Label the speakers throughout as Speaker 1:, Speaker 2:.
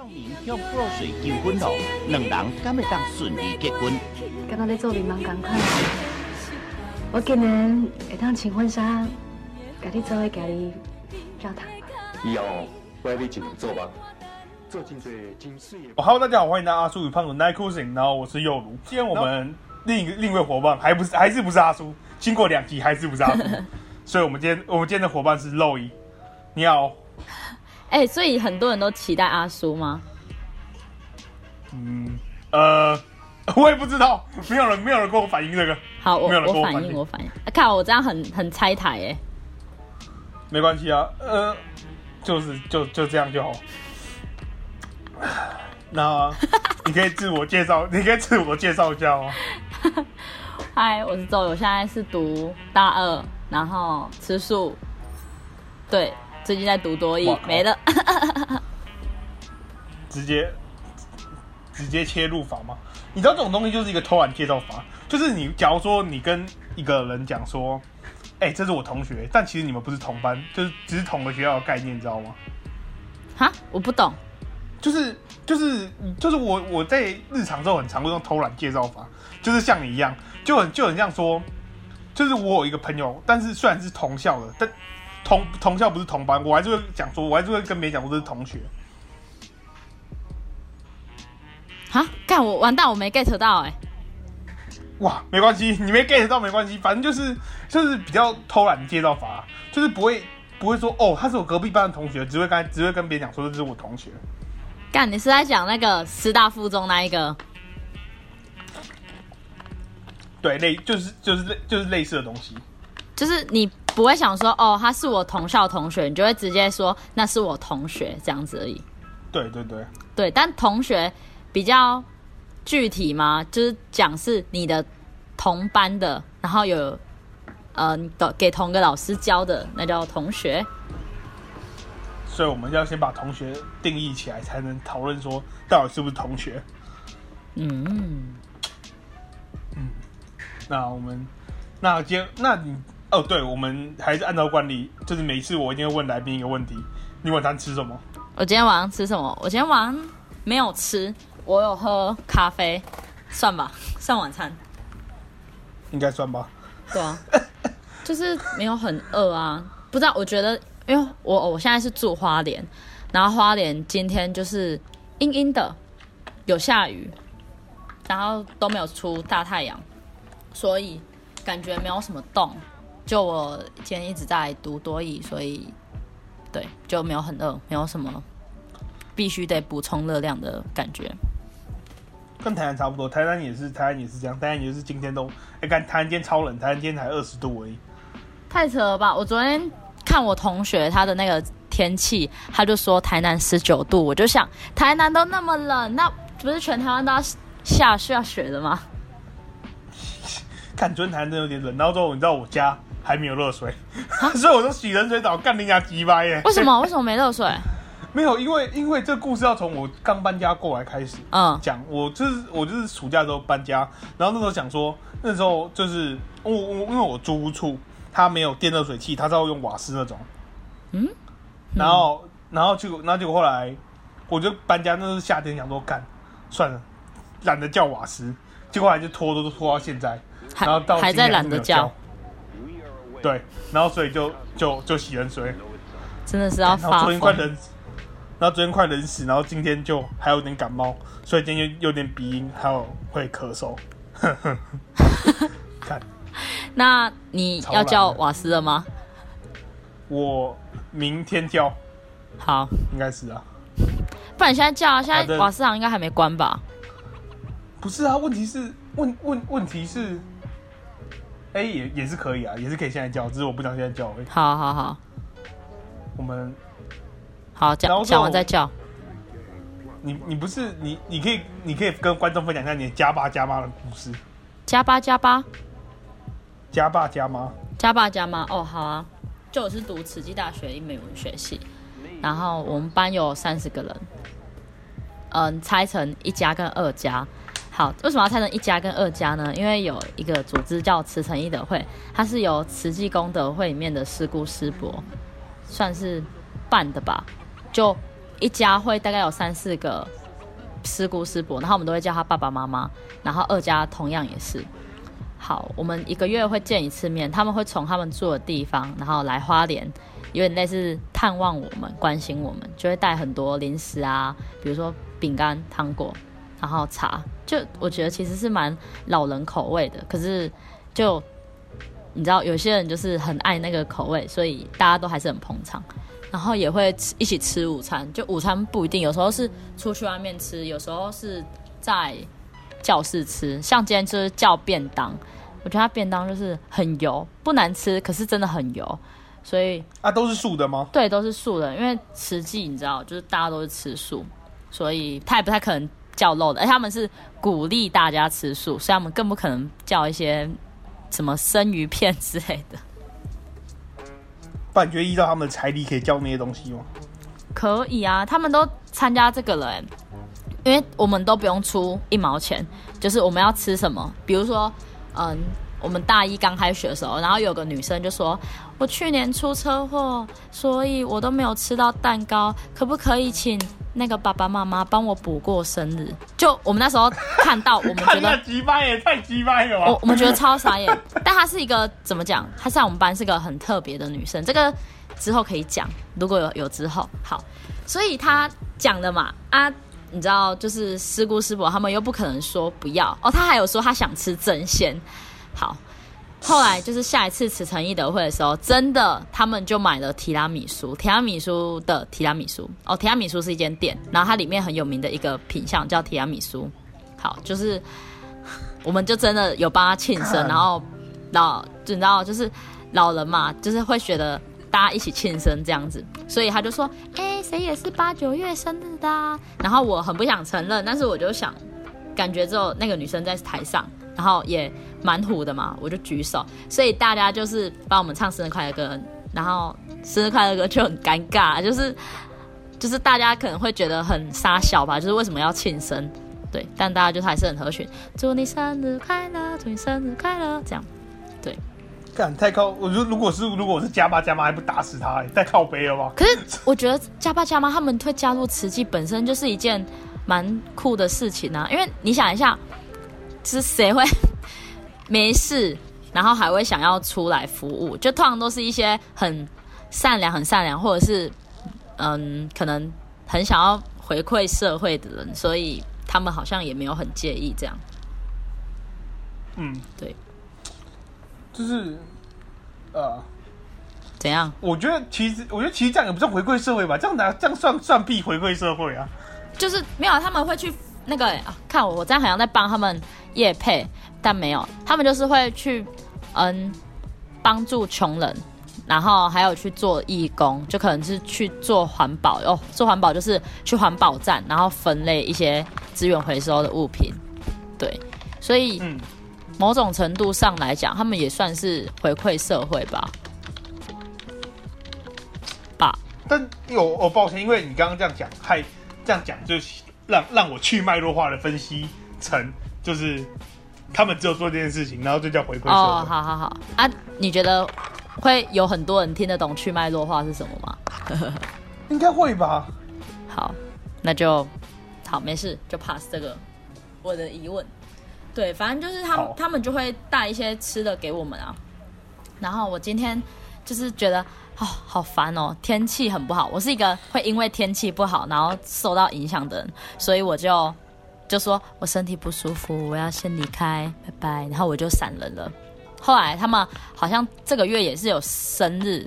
Speaker 1: 報名用破水求婚咯，兩人敢會當順利結婚？感覺咧做你蠻感慨，我今年下趟穿婚紗，家己做個家己教堂。以後我來盡你做吧，做真儕。Hello，、哦、大家好，歡迎來到阿叔與胖子 Nike 然後我是佑如。今天我們另一個另一位夥伴，還不是還是不是阿叔？經過兩集還是不是阿叔？所以我們今天我們今天的夥伴是 Zoe 你好、哦。
Speaker 2: 哎、欸，所以很多人都期待阿叔嗎？嗯，
Speaker 1: 呃，我也不知道，沒有人沒有人跟我反映這個。好，我沒有人跟我反映我反映。
Speaker 2: 看我,、啊、我這樣很很拆台哎、欸。
Speaker 1: 沒關係啊，呃，就是就就這樣就好。那、啊、 你可以自我介紹， 你可以自我介紹一下
Speaker 2: 嗎、喔？嗨，我是周，友，現在是讀大二，然後吃素，對。最近在讀多益沒了、喔，
Speaker 1: 直接直接切入法嗎？你知道這種東西就是一個偷懶介紹法，就是你假如說你跟一個人講說，哎、欸，這是我同學，但其實你們不是同班，就是只是同個學校的概念，你知道嗎？
Speaker 2: 哈，我不
Speaker 1: 懂，就是就是就是我我在日常中很常會用偷懶介紹法，就是像你一樣，就很就很像說，就是我有一個朋友，但是雖然是同校的，但。同同校不是同班，我還是會講說，我還是會跟別人講說這是同學。
Speaker 2: 啊！幹我完蛋，我沒 get 到，哎、欸！
Speaker 1: 哇，沒關係，你沒 get 到沒關係，反正就是就是比較偷懶的介紹法，就是不會不會說哦，他是我隔壁班的同學，只會跟只會跟別人講說，這是我同學。
Speaker 2: 幹，你是在講那個師大附中那一個？
Speaker 1: 對，類就是、就是、就是類就是類似的東西，
Speaker 2: 就是你。不會想說哦，他是我同校同學，你就會直接說那是我同學這樣子而已。
Speaker 1: 對對對
Speaker 2: 對，但同學比較具體嘛，就是講是你的同班的，然後有呃給同個老師教的，那叫同學。
Speaker 1: 所以我們要先把同學定義起來，才能討論說到底是不是同學。嗯嗯嗯，那我們那接那你。哦，對，我們還是按照慣例，就是每一次我一定會問來賓一個問題：你晚餐吃什麼？
Speaker 2: 我今天晚上吃什麼？我今天晚上沒有吃，我有喝咖啡，算吧，算晚餐。
Speaker 1: 應該算吧。
Speaker 2: 對啊， 就是沒有很餓啊，不知道。我覺得，因為我我現在是住花蓮，然後花蓮今天就是陰陰的，有下雨，然後都沒有出大太陽，所以感覺沒有什麼動。就我今天一直在讀多益，所以對，就沒有很餓，沒有什麼必須得補充熱量的感覺。
Speaker 1: 跟台南差不多，台南也是，台南也是這樣，但也是今天都哎、欸，看台南今天超冷，台南今天才二十度而已，
Speaker 2: 太扯了吧！我昨天看我同學他的那個天氣，他就說台南十九度，我就想台南都那麼冷，那不是全台灣都要下下雪的嗎？
Speaker 1: 感 覺台南真有點冷，然後，之後你知道我家，還沒有熱水， 所以我都洗冷水澡，幹人家急歪耶。為什麼？
Speaker 2: 為什麼沒熱水？ 沒有，因為因為
Speaker 1: 這故事要從我剛搬家過來開始啊。講、嗯、我就是我就是暑假的時候搬家，然後那時候想說那時候就是我我因為我租屋處他沒有電熱水器，他都要用瓦斯那種。嗯。嗯然後然後就然後結果後來我就搬家，那是夏天，想說幹算了，懶得叫瓦斯。結果還就拖拖拖到現在，還然後到現在還在懶得叫對，然後所以就就就洗冷水，真的是要發。昨天快冷，然後昨天快冷死，然後今天就還有點感冒，所以今天又有點鼻音，還有會咳嗽。
Speaker 2: 哼 哼看， 那你要叫瓦斯了嗎？
Speaker 1: 我明天叫。好，應該是啊。
Speaker 2: 不然你現在叫啊？現在瓦斯行應該還沒關吧、啊？不是啊，問題是
Speaker 1: 問問問題是。哎、欸，也也是可以啊，也是可以現在叫，只是我不想現在叫，欸。好好好，我們好講講完再叫。你你不是你你可以你可以跟觀眾分享一下你的家爸家媽的故事。
Speaker 2: 家爸家爸、
Speaker 1: 家爸家媽、
Speaker 2: 家爸家媽。哦，好啊，就我是讀慈濟大學英美文學系，然後我們班有三十個人，嗯，拆成一甲跟二甲。好，為什麼要拆成一家跟二家呢？因為有一個組織叫慈誠義德會，它是由慈濟功德會裡面的師姑師伯，算是辦的吧。就一家會大概有三四個師姑師伯，然後我們都會叫他爸爸媽媽。然後二家同樣也是。好，我們一個月會見一次面，他們會從他們住的地方，然後來花蓮，有點類似探望我們、關心我們，就會帶很多零食啊，比如說餅乾、糖果。然後茶，就我覺得其實是蠻老人口味的，可是就你知道，有些人就是很愛那個口味，所以大家都還是很捧場，然後也會吃，一起吃午餐。就午餐不一定，有時候是出去外面吃，有時候是在教室吃。像今天就是叫便當，我覺得他便當就是很油，不難吃，可是真的很油，所以啊。都是素的嗎？對，都是素的，因為慈濟你知道，就是大家都是吃素，所以他也不太可能。叫肉的，而他們是鼓勵大家吃素，所以他們更不可能叫一些什麼生魚片之類的。
Speaker 1: 那你覺得依照他們的財力，可以叫那些東西嗎？
Speaker 2: 可以啊，他們都參加這個了，欸，因為我們都不用出一毛錢，就是我們要吃什麼，比如說，嗯。我們大一剛開學的時候，然後有個女生就說：“我去年出車禍，所以我都沒有吃到蛋糕，可不可以請那個爸爸媽媽幫我補過生日？”就我們那時候看到，我們覺得雞掰也太雞掰了 我我們覺得超傻眼。但她是一個怎麼講？她在我們班是一個很特別的女生，這個之後可以講，如果有，有之後好。所以她講的嘛啊，你知道，就是師姑師伯他們又不可能說不要哦。她還有說她想吃蒸鮮。好，後來就是下一次慈誠懿德會的時候，真的他們就買了提拉米蘇，提拉米蘇的提拉米蘇哦，提拉米蘇是一間店，然後它裡面很有名的一個品項叫提拉米蘇。好，就是我們就真的有幫他慶生，然後老，你知道就是老人嘛，就是會覺得大家一起慶生這樣子，所以他就說：“哎、欸，誰也是八九月生日的、啊。”然後我很不想承認，但是我就想，感覺之後那個女生在台上。然後也蠻虎的嘛，我就舉手，所以大家就是幫我們唱生日快樂歌，然後生日快樂歌就很尷尬，就是就是大家可能會覺得很殺小吧，就是為什麼要慶生？對，但大家就還是很合群，祝你生日快樂，祝你生日快樂，這樣，對，幹，太靠，我說如果是如果是加
Speaker 1: 爸加媽，還不打死他，太靠北了吧？
Speaker 2: 可是我覺得加爸加媽他們會加入慈濟本身就是一件蠻酷的事情啊，因為你想一下。是誰會沒事，然後還會想要出來服務？就通常都是一些很善良、很善良，或者是嗯，可能很想要回饋社會的人，所以他們好像也沒有很介意這樣。嗯，對，就
Speaker 1: 是，呃，怎樣？我覺得其實，我覺得其實這樣也不算回饋社會吧？這樣拿這樣算算屁回饋社會啊？
Speaker 2: 就是沒有啊，他們會去。那個、欸啊、看我，我這樣好像在幫他們業配，但沒有，他們就是會去嗯，幫助窮人，然後還有去做義工，就可能是去做環保哦，做環保就是去環保站，然後分類一些資源回收的物品，對，所以某種程度上來講，他們也算是回饋社會吧。吧，
Speaker 1: 但有我，我抱歉，因為你剛剛這樣講，太這樣講就是。讓讓我去脈絡化的分析成就是他們只有做這件事情，然後就叫回饋。哦，好
Speaker 2: 好好啊！你覺得會有很多人聽得懂去脈絡化是什麼嗎？ 應該會吧。好，那就好，沒事就 pass 這個我的疑問。對，反正就是他們他們就會帶一些吃的給我們啊。然後我今天就是覺得。哦，好煩哦！天氣很不好，我是一個會因為天氣不好然後受到影響的人，所以我就就說我身體不舒服，我要先離開，拜拜。然後我就閃人了。後來他們好像這個月也是有生日，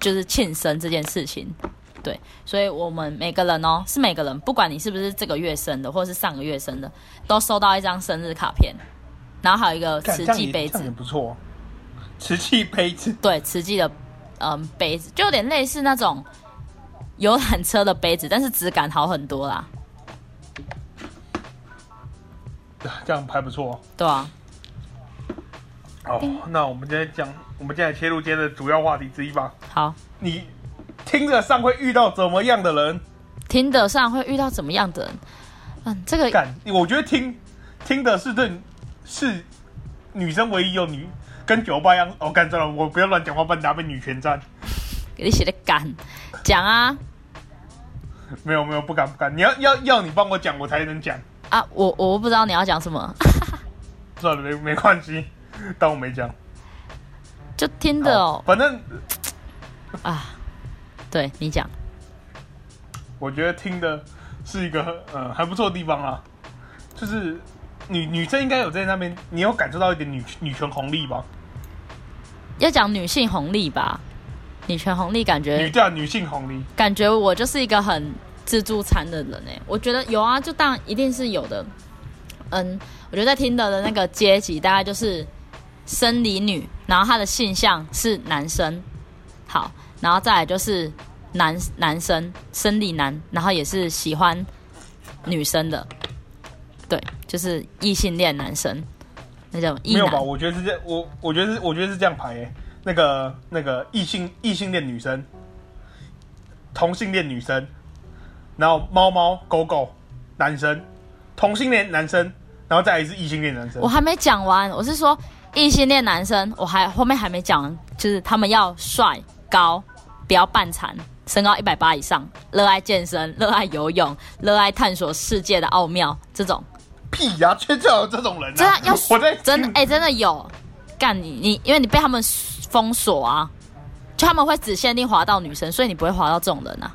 Speaker 2: 就是慶生這件事情，對，所以我們每個人哦，是每個人，不管你是不是這個月生的，或是上個月生的，都收到一張生日卡片，然後還有一個慈濟杯子，不錯，慈濟杯子，對，慈濟的。嗯，杯子就有點類似那種遊覽車的杯子，但是質感好很多啦。
Speaker 1: 這樣拍不錯，啊，對啊。好，okay. 那我們今天講，我們現在切入今天的主要話題之一吧。好，你聽得上會遇到怎麼樣的人？
Speaker 2: 聽得上會遇到怎麼樣的人？嗯，這個，感，
Speaker 1: 我覺得聽聽的是對，是女生唯一有女。跟酒吧一樣哦，干正我不要亂講話，不然會被女權戰。
Speaker 2: 給你寫的敢講啊？
Speaker 1: 沒有沒有，不敢不敢。你要要要你幫我講，我才能講
Speaker 2: 啊！我我不知道你要講什麼。
Speaker 1: 算了，沒沒關係，當我沒講。
Speaker 2: 就聽的哦，哦反正嘖嘖啊，對你講。
Speaker 1: 我覺得聽的是一個很嗯、呃、還不錯的地方啊，就是。女女生應該有在那邊，你有感受到一點女女權紅利吧？
Speaker 2: 要講女性紅利吧，女權紅利感覺女
Speaker 1: 講女性紅利，
Speaker 2: 感覺我就是一個很自助餐的人呢、欸，我覺得有啊，就當一定是有的。嗯，我覺得在聽到的那個階級大概就是生理女，然後他的性向是男生，好，然後再來就是男男生生理男，然後也是喜歡女生的，對。就是異性戀男生，那種異男沒有吧？
Speaker 1: 我覺得是這樣，我我覺得是我覺得是這樣排誒、欸。那個那個異性異性戀女生、同性戀女生，然後貓貓狗狗男生、同性戀男生，然後再來一次異性戀男生。我還沒
Speaker 2: 講完，我是說異性戀男生，我還後面還沒講完，就是他們要帥高，不要半殘，身高一百八以上，熱愛健身，熱愛游泳，熱愛探索世界的奧妙這種。
Speaker 1: 屁呀、啊，真就有這
Speaker 2: 種人，啊！真的，我在真的，哎，欸，真的有幹 你你，因為你被他們封鎖啊，就他們會只限定滑到女生，所以你不會滑到這種人啊。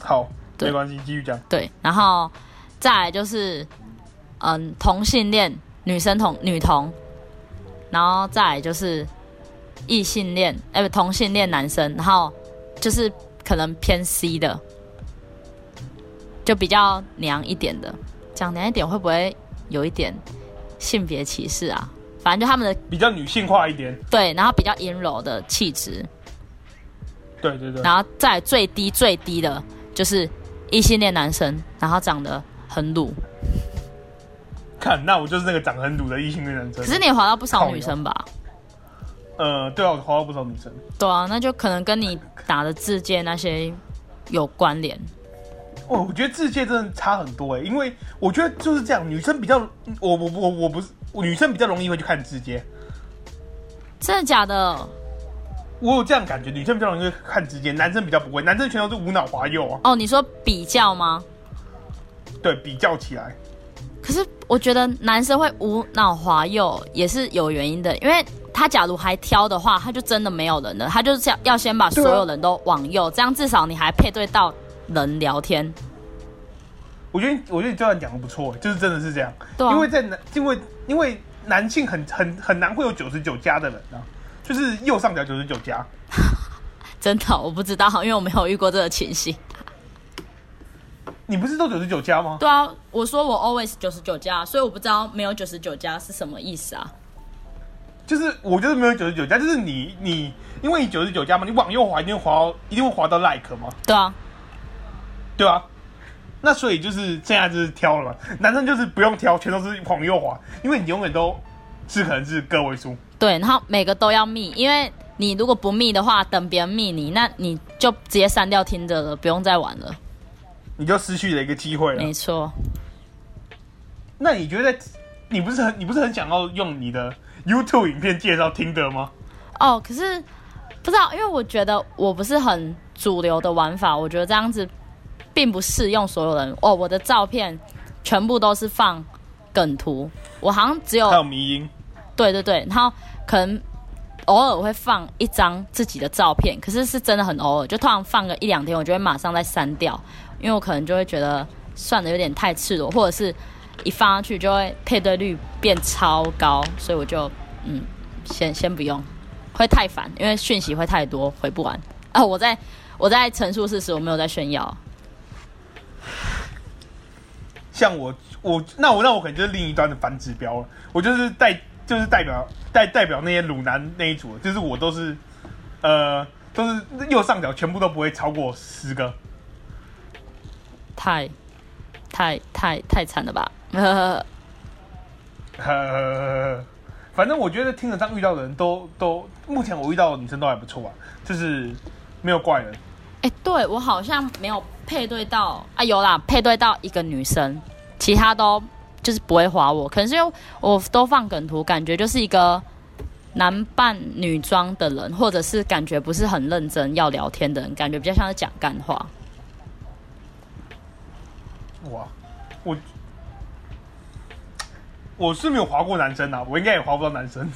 Speaker 1: 好，對沒關係，繼續講。
Speaker 2: 對，然後再來就是，嗯，同性戀女生同女同，然後再來就是異性戀，哎，不，同性戀男生，然後就是可能偏 C 的。就比較娘一點的，講娘一點會不會有一點性別歧視啊？反正就他們的
Speaker 1: 比較女性化一點，
Speaker 2: 對，然後比較陰柔的氣質，
Speaker 1: 對對對，然後
Speaker 2: 再最低最低的就是異性戀男生，然後長得很魯，
Speaker 1: 看那我就是那個長得很魯的異性戀男生，可是你也滑到不少女生吧？呃，對啊，我滑到不少女生，
Speaker 2: 對啊，那就可能跟你打的字界那些有關聯。
Speaker 1: 哦，我覺得自介真的差很多哎、欸，因為我覺得就是這樣，女生比較我我我我不是我女生比較容易會去看自介。
Speaker 2: 真的假的？
Speaker 1: 我有這樣的感覺，女生比較容易會看自介，男生比較不會，男生全都是無腦滑右
Speaker 2: 啊。哦，你說比較嗎？
Speaker 1: 對，比較起來。
Speaker 2: 可是我覺得男生會無腦滑右也是有原因的，因為他假如還挑的話，他就真的沒有人了，他就是要要先把所有人都往右，啊，這樣至少你還配對到。能聊天，
Speaker 1: 我覺得我覺得你這段講的不錯、欸，就是真的是這樣，啊、因為在男，因為因為男性很很很難會有九十九加的人啊，就是右上角九十九加，
Speaker 2: 真的、哦、我不知道，因為我沒有遇過這個情形。
Speaker 1: 你不是都九十九加嗎？
Speaker 2: 對啊，我說我 always 九十九加，所以我不知道沒有九十九加是什麼意思啊。
Speaker 1: 就是我覺得沒有九十九加，就是你你因為你九十九加嘛，你往右滑一定滑一定會滑到 like 嘛？對啊。對啊，那所以就是現在就是挑了嘛，男生就是不用挑，全都是往右滑，因為你永遠都是可能是個位數。
Speaker 2: 對，然後每個都要密，因為你如果不密的話，等別人密你，那你就直接刪掉 Tinder 了，不用再玩了，
Speaker 1: 你就失去了一個機會了。沒錯。那你覺得你不是很你不是很想要用你的 YouTube 影片介紹 Tinder 嗎？
Speaker 2: 哦，可是不知道，因為我覺得我不是很主流的玩法，我覺得這樣子。並不適用所有人哦。我的照片全部都是放梗圖，我好像只有還有迷因。對對對，然後可能偶爾我會放一張自己的照片，可是是真的很偶爾，就突然放個一兩天，我就會馬上再刪掉，因為我可能就會覺得算得有點太赤裸，或者是一放上去就會配對率變超高，所以我就嗯先先不用，會太煩，因為訊息會太多，回不完啊、哦。我在我在陳述事實，我沒有在炫耀。
Speaker 1: 像我，我那我那我可能就是另一端的反指標了。我就是代，就是代表代代表那些魯男那一組，就是我都是，呃，都是右上角全部都不會超過十個，
Speaker 2: 太，太太太慘了吧？ 呵呵呵呵
Speaker 1: 呵。呵，反正我覺得，聽着他遇到的人都都，目前我遇到的女生都還不錯吧，啊，就是沒有怪人。
Speaker 2: 欸、對我好像沒有配對到啊，有啦，配對到一個女生，其他都就是不會滑我，可能是因為我都放梗圖，感覺就是一個男扮女裝的人，或者是感覺不是很認真要聊天的人，感覺比較像是講幹話。
Speaker 1: 哇，我我是沒有滑過男生啊，我應該也滑不到男生。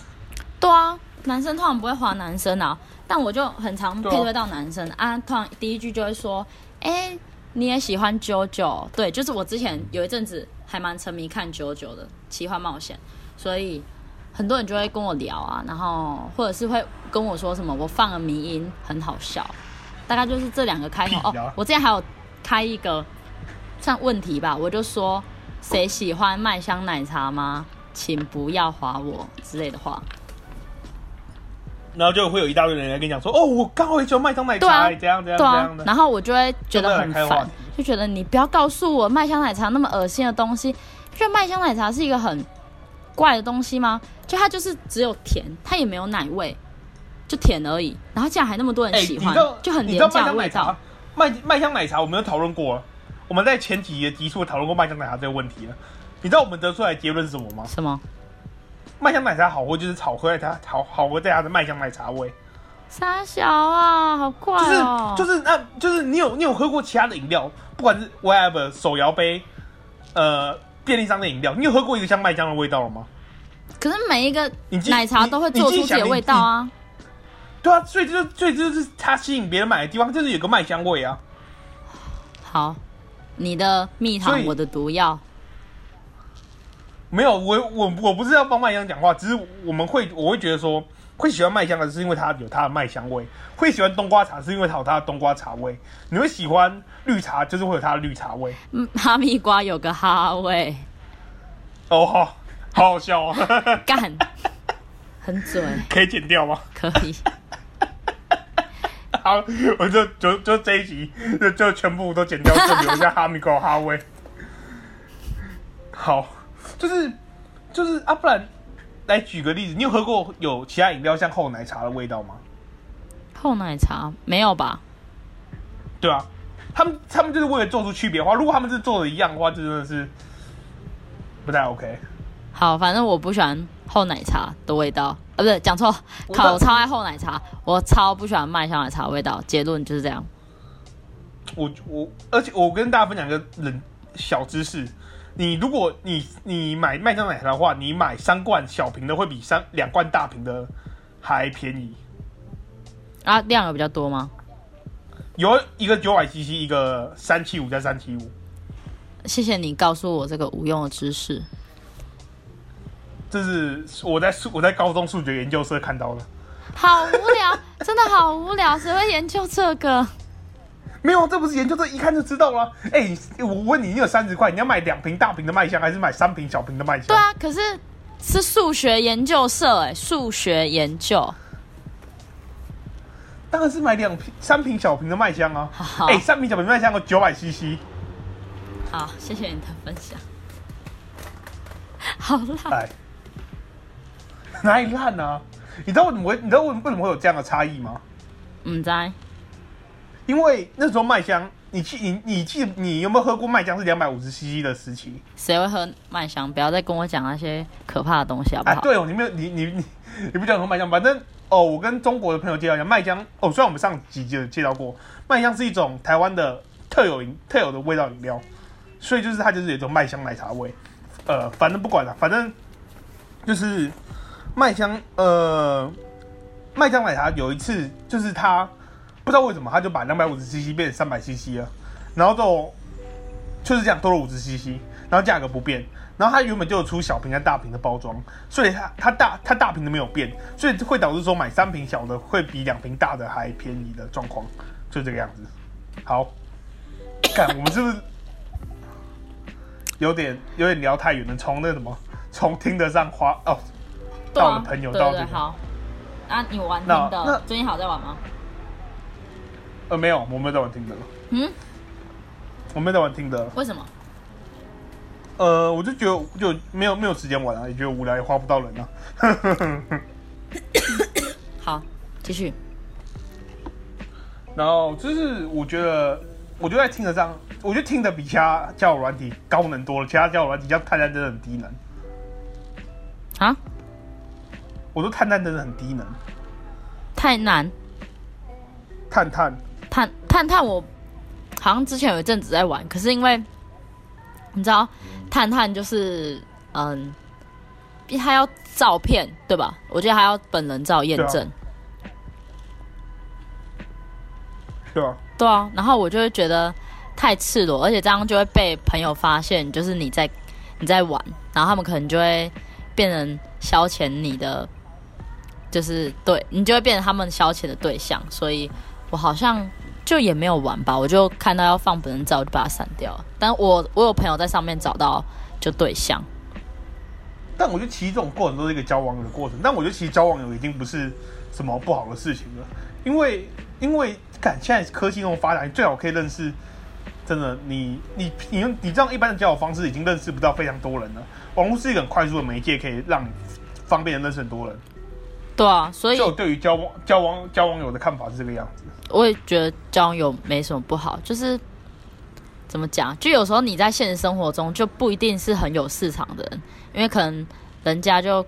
Speaker 2: 對啊，男生通常不會滑男生啊。但我就很常配對到男生啊，啊，突然第一句就會說，哎，欸，你也喜歡 JoJo？對，就是我之前有一陣子還蠻沉迷看 JoJo 的奇幻冒險，所以很多人就會跟我聊啊，然後或者是會跟我說什麼，我放了迷因很好笑，大概就是這兩個開頭，啊。哦，我之前還有開一個像問題吧，我就說誰喜歡麥香奶茶嗎？請不要滑我之類的話。
Speaker 1: 然後就會有一大堆人來跟你講說，哦，我剛好也喜歡麥香奶茶，欸，這、啊、樣這樣這樣的、啊。然後
Speaker 2: 我就會覺得很煩，就覺得你不要告訴我麥香奶茶那麼惡心的東西。就麥香奶茶是一個很怪的東西嗎？就它就是只有甜，它也沒有奶味，就甜而已。然後竟然還那麼多人喜歡，欸、你知就很廉價的味道。麥麥香奶
Speaker 1: 茶，香奶茶我們有討論過，我們在前幾集就討論過麥香奶茶這個問題了。你知道我們得出來的結論是什麼嗎？是嗎？麥香奶茶好喝，就是炒喝在它好好喝在它的麥香奶茶味。
Speaker 2: 三小啊，好怪哦！就是、就是、那啊，就是你有
Speaker 1: 你有喝過其他的飲料，不管是 whatever 手搖杯，呃，便利商店的飲料，你有喝過一個像麥香的味道了嗎？
Speaker 2: 可是每一個奶茶都會做出自己的味道啊。
Speaker 1: 對啊，所以就是，所以就是它吸引別人買的地方，就是有個麥香味啊。
Speaker 2: 好，你的蜜糖，我的毒藥。
Speaker 1: 沒有，我我我不是要幫麥香講話，只是我們會我會覺得說會喜歡麥香的是因為它有它的麥香味，會喜歡冬瓜茶是因為它有它的冬瓜茶味，你會喜歡綠茶就是會有它的綠茶味，
Speaker 2: 哈密瓜有個哈味。哦，好，好好笑啊，哦，幹，
Speaker 1: 很準，可以剪掉嗎？可以， 好，我就就就這一集就就全部都剪掉這裡，就留下哈密瓜哈味， 好。就是，就是啊，不然來舉個例子，你有喝過有其他飲料像厚奶茶的味道嗎？
Speaker 2: 厚奶茶沒有吧？
Speaker 1: 對啊，他們他們就是為了做出區別的話，如果他們是做的一樣的話，就真的是不太 OK。
Speaker 2: 好，反正我不喜歡厚奶茶的味道，呃、啊，不是講錯，講錯，我超愛厚奶茶，我超不喜歡麥香奶茶的味道。結論就是這樣。
Speaker 1: 我我，而且我跟大家分享一個冷小知識。你如果你你買麥香奶茶的話，你買三罐小瓶的會比三兩罐大瓶的還便宜。
Speaker 2: 啊，量有比較多嗎？
Speaker 1: 有一個九百 cc，一個三七五加三七五。
Speaker 2: 謝謝你告訴我這個無用的知識。
Speaker 1: 這是我在我在高中數學研究社看到的。
Speaker 2: 好無聊， 真的好無聊，誰會研究這個？沒有，
Speaker 1: 這不是研究社，這一看就知道了。哎，我問你，你有三十塊，你要買兩瓶大瓶的麥香，還是買三瓶小瓶的麥香？對啊，可是
Speaker 2: 是數學研究社哎、欸，數學研究，
Speaker 1: 當然是買兩瓶、三瓶小瓶的麥香啊。哎，三瓶小瓶麥香有九百 CC。好，
Speaker 2: 謝謝你的分享。
Speaker 1: 好爛。哪裡爛呢？你知道為什麼會？你知道為什麼為什麼會有這樣的差異嗎？唔知。因為那時候麥香，你記你你記你，你有沒有喝過麥香是兩百五十 CC 的時期？
Speaker 2: 誰會喝麥香？不要再跟我講那些可怕的東西，好不好、啊？
Speaker 1: 對哦，你沒有你你你你不講喝麥香，反正哦，我跟中國的朋友介紹一下麥香哦，雖然我們上幾集就介紹過麥香是一種台灣的特有特有的味道飲料，所以就是它就是有一種麥香奶茶味，呃，反正不管了、啊，反正就是麥香呃麥香奶茶有一次就是它。不知道為什麼，他就把兩百五十 cc 變成三百 cc 了，然後就就是這樣多了五十 cc，然後價格不變，然後他原本就有出小瓶和大瓶的包裝，所以它它大它大瓶的沒有變，所以會導致說買三瓶小的會比兩瓶大的還便宜的狀況，就這個樣子。好，看 我們是不是有點有點聊太遠了，從那什麼從聽得上花哦，啊、到我的朋友對對對到、這
Speaker 2: 個、好，啊，你玩的。那,那最近好在玩嗎？
Speaker 1: 呃，沒有，我沒有在玩 Tinder
Speaker 2: 了。
Speaker 1: 嗯，我沒有在玩 Tinder 了。為什麼？呃，我就覺得就沒有沒有時間玩啊，也覺得無聊，也花不到人啊。 好，繼續。然後就是，我覺得，我覺得 Tinder 上，我覺得 Tinder 比其他交友軟體高能多了，其他交友軟體像探探真的很低能。啊？我說探探真的很低能。
Speaker 2: 太難。
Speaker 1: 探探。
Speaker 2: 探，探探探，我好像之前有一陣子在玩，可是因為你知道，探探就是嗯，他要照片對吧？我覺得還要本人照驗證。是啊，啊。對啊，然後我就會覺得太赤裸，而且這樣就會被朋友發現，就是你在你在玩，然後他們可能就會變成消遣你的，就是對你就會變成他們消遣的對象，所以。我好像就也沒有玩吧，我就看到要放本人照，我就把它刪掉。但我我有朋友在上面找到就對象，
Speaker 1: 但我覺得其實這種過程都是一個交往的過程。但我覺得其實交往有已經不是什麼不好的事情了，因為因為感現在科技那麼發達，你最好可以認識真的你你你用你這樣一般的交友方式已經認識不到非常多人了。網絡是一個很快速的媒介，可以讓你方便的認識很多人。
Speaker 2: 對啊，所以就對於交往、交往、交往友的看法是這個樣子。我也覺得交友沒什麼不好，就是怎麼講，就有時候你在現實生活中就不一定是很有市場的人，因為可能人家就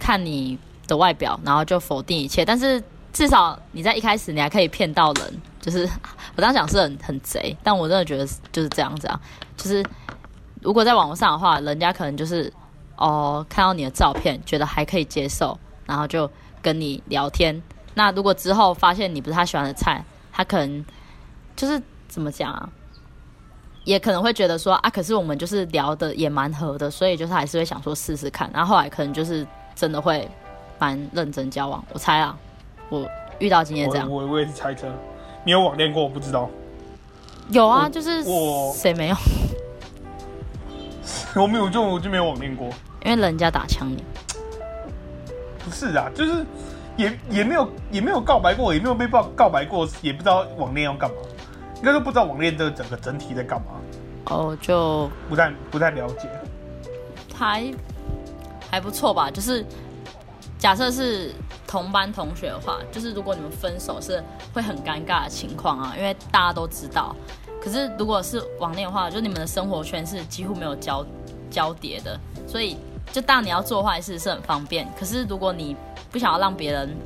Speaker 2: 看你的外表，然後就否定一切。但是至少你在一開始你還可以騙到人，就是我剛想是很很賊，但我真的覺得就是這樣子啊。就是如果在網絡上的話，人家可能就是哦，看到你的照片，覺得還可以接受。然後就跟你聊天。那如果之後發現你不是他喜歡的菜，他可能就是怎麼講啊？也可能會覺得說啊，可是我們就是聊得也蠻合的，所以就是還是會想說試試看。然後後來可能就是真的會蠻認真交往。我猜啊，我遇到今天這樣，我
Speaker 1: 我,我也是猜測。你有網戀過，我不知道。有啊，就是我誰沒
Speaker 2: 有？我沒有就我就沒有網戀過，因為人家打槍你。
Speaker 1: 不是啊，就是也也沒有也沒有告白過，也沒有被告告白過，也不知道網戀要幹嘛，應該都不知道網戀這個整個整體在幹嘛，哦、oh,，就不太不太了解，
Speaker 2: 還還不錯吧，就是假設是同班同學的話，就是如果你們分手是會很尷尬的情況啊，因為大家都知道，可是如果是網戀的話，就你們的生活圈是幾乎沒有交交疊的，所以。就當你要做壞事是很方便，可是如果你不想要讓別人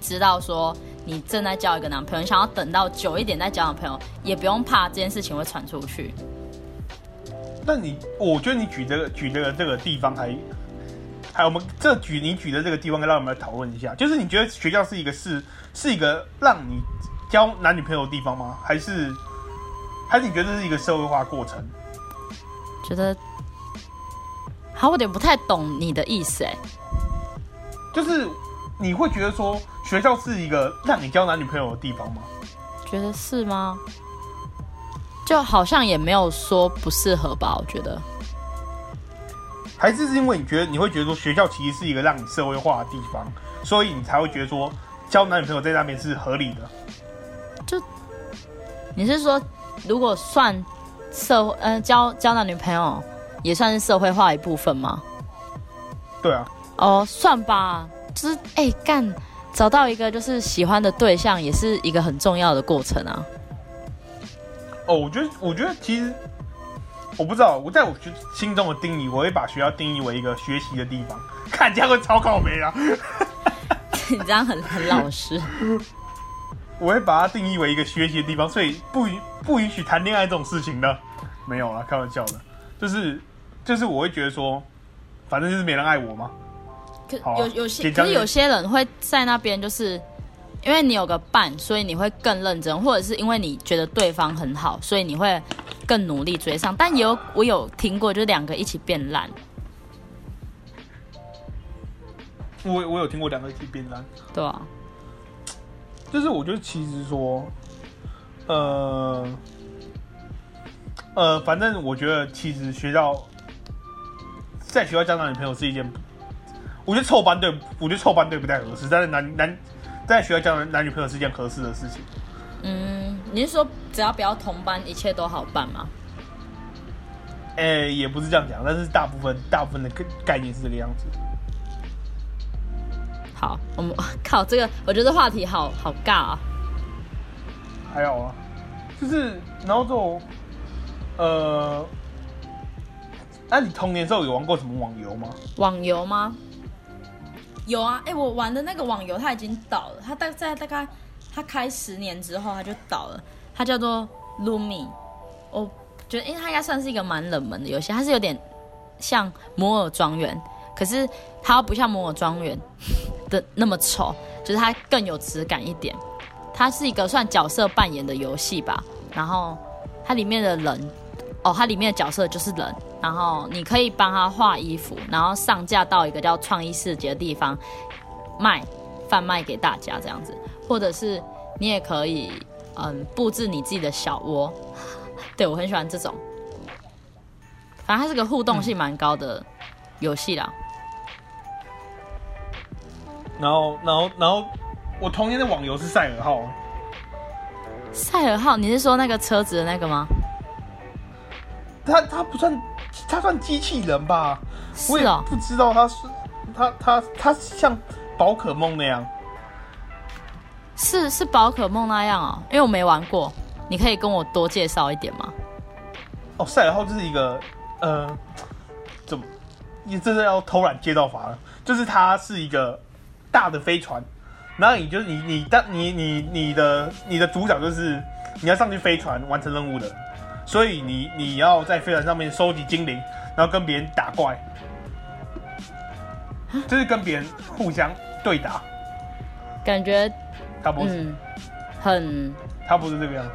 Speaker 2: 知道說你正在交一個男朋友，你想要等到久一點再交男朋友，也不用怕這件事情會傳出去。
Speaker 1: 那你，我覺得你舉、這個、舉這個這個地方還，還有我們這舉你舉的這個地方，讓我們來討論一下，就是你覺得學校是一個是是一個讓你交男女朋友的地方嗎？還是還是你覺得這是一個社會化的過程？
Speaker 2: 覺得。好，我有點不太懂你的意思，欸，哎，就是你會覺得說
Speaker 1: 學校是一個讓你交男女朋友的地方嗎？
Speaker 2: 覺得是嗎？就好像也沒有說不適合吧，我覺得
Speaker 1: 還是是因為你覺得你會覺得說學校其實是一個讓你社會化的地方，所以你才會覺得說交男女朋友在那邊是合理的。
Speaker 2: 就你是說，如果算社會，嗯，呃，交交男女朋友？也算是社會化一部分嗎？
Speaker 1: 對
Speaker 2: 啊。哦，算吧，就是哎幹、欸，找到一個就是喜歡的對象，也是一個很重要的過程啊。
Speaker 1: 哦，我覺得，我覺得其實，我不知道，我在我心中的定義，我會把學校定義為一個學習的地方。
Speaker 2: 看，這樣會超靠
Speaker 1: 沒啊？ 你
Speaker 2: 這樣很很老
Speaker 1: 實。 我會把它定義為一個學習的地方，所以不允不允許談戀愛這種事情呢？ 沒有了，開玩笑的。就是，就是我會覺得說，反正就是沒人愛我嗎？啊、
Speaker 2: 有有些可是有些人會在那邊，就是因為你有個伴，所以你會更認真，或者是因為你覺得對方很好，所以你會更努力追上。但也有我有聽過，就兩個一起變爛。
Speaker 1: 我我有聽過兩個一起變爛。對啊。就是我覺得其實說，呃。呃，反正我覺得其實學校，在學校交男女朋友是一件我，我覺得臭班對，我覺得臭班對不太合適。但是男男在學校交男女朋友是一件合適的事情。嗯，
Speaker 2: 你是說只要不要同班，一切都好辦嗎？
Speaker 1: 哎、欸、也不是這樣講，但是大部分大部分的概概念是這個樣子。
Speaker 2: 好，我們靠這個，我覺得這話題好好尬啊。
Speaker 1: 還有啊，就是然後就……呃，那你童年的時候有玩過什麼網遊嗎？
Speaker 2: 網遊嗎？有啊，哎、欸，我玩的那個網遊它已經倒了，它大概在大概它開十年之後它就倒了，它叫做 Lumi。我覺得因為它應該算是一個蠻冷門的遊戲，它是有點像《摩爾莊園》，可是它又不像摩《摩爾莊園》的那麼醜，就是它更有質感一點。它是一個算角色扮演的遊戲吧，然後它裡面的人。哦，它裡面的角色就是人，然後你可以幫他畫衣服，然後上架到一個叫創意世界的地方賣、販賣給大家這樣子，或者是你也可以嗯布置你自己的小窩，對我很喜歡這種，反正它是個互動性蠻高的遊戲啦。嗯、
Speaker 1: 然後然後然後我童年的網遊是賽爾號，
Speaker 2: 賽爾號，你是說那個車子的那個嗎？.
Speaker 1: 他他不算，他算機器人吧是、哦？我也不知道他是他他他像寶可夢那樣，
Speaker 2: 是是寶可夢那樣啊、喔，因為我沒玩過，你可以跟我多介紹一點嗎？
Speaker 1: 哦，賽爾號就是一個，呃，怎麼，你真的要偷懶接到法了？就是它是一個大的飛船，然後你就是你你當你你你，你的你的主角就是你要上去飛船完成任務的。所以你你要在飛船上面收集精靈，然後跟別人打怪，就是跟別人互相對打，
Speaker 2: 感覺他不是、嗯、很，他不是這個樣子，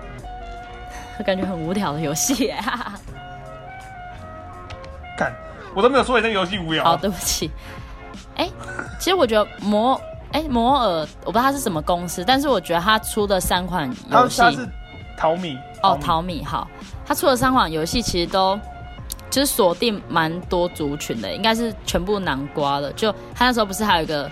Speaker 2: 感覺很無聊的遊戲哎，我都沒有
Speaker 1: 說這遊戲無聊。好，對不
Speaker 2: 起。哎、欸，其實我覺得摩，哎、欸、摩爾，我不知道它是什麼公司，但是我覺得他出的三款遊戲，淘米，桃米哦，淘米好。他出了三款遊戲，其實都其、就是鎖定蠻多族群的，應該是全部南瓜的。就他那時候不是還有一個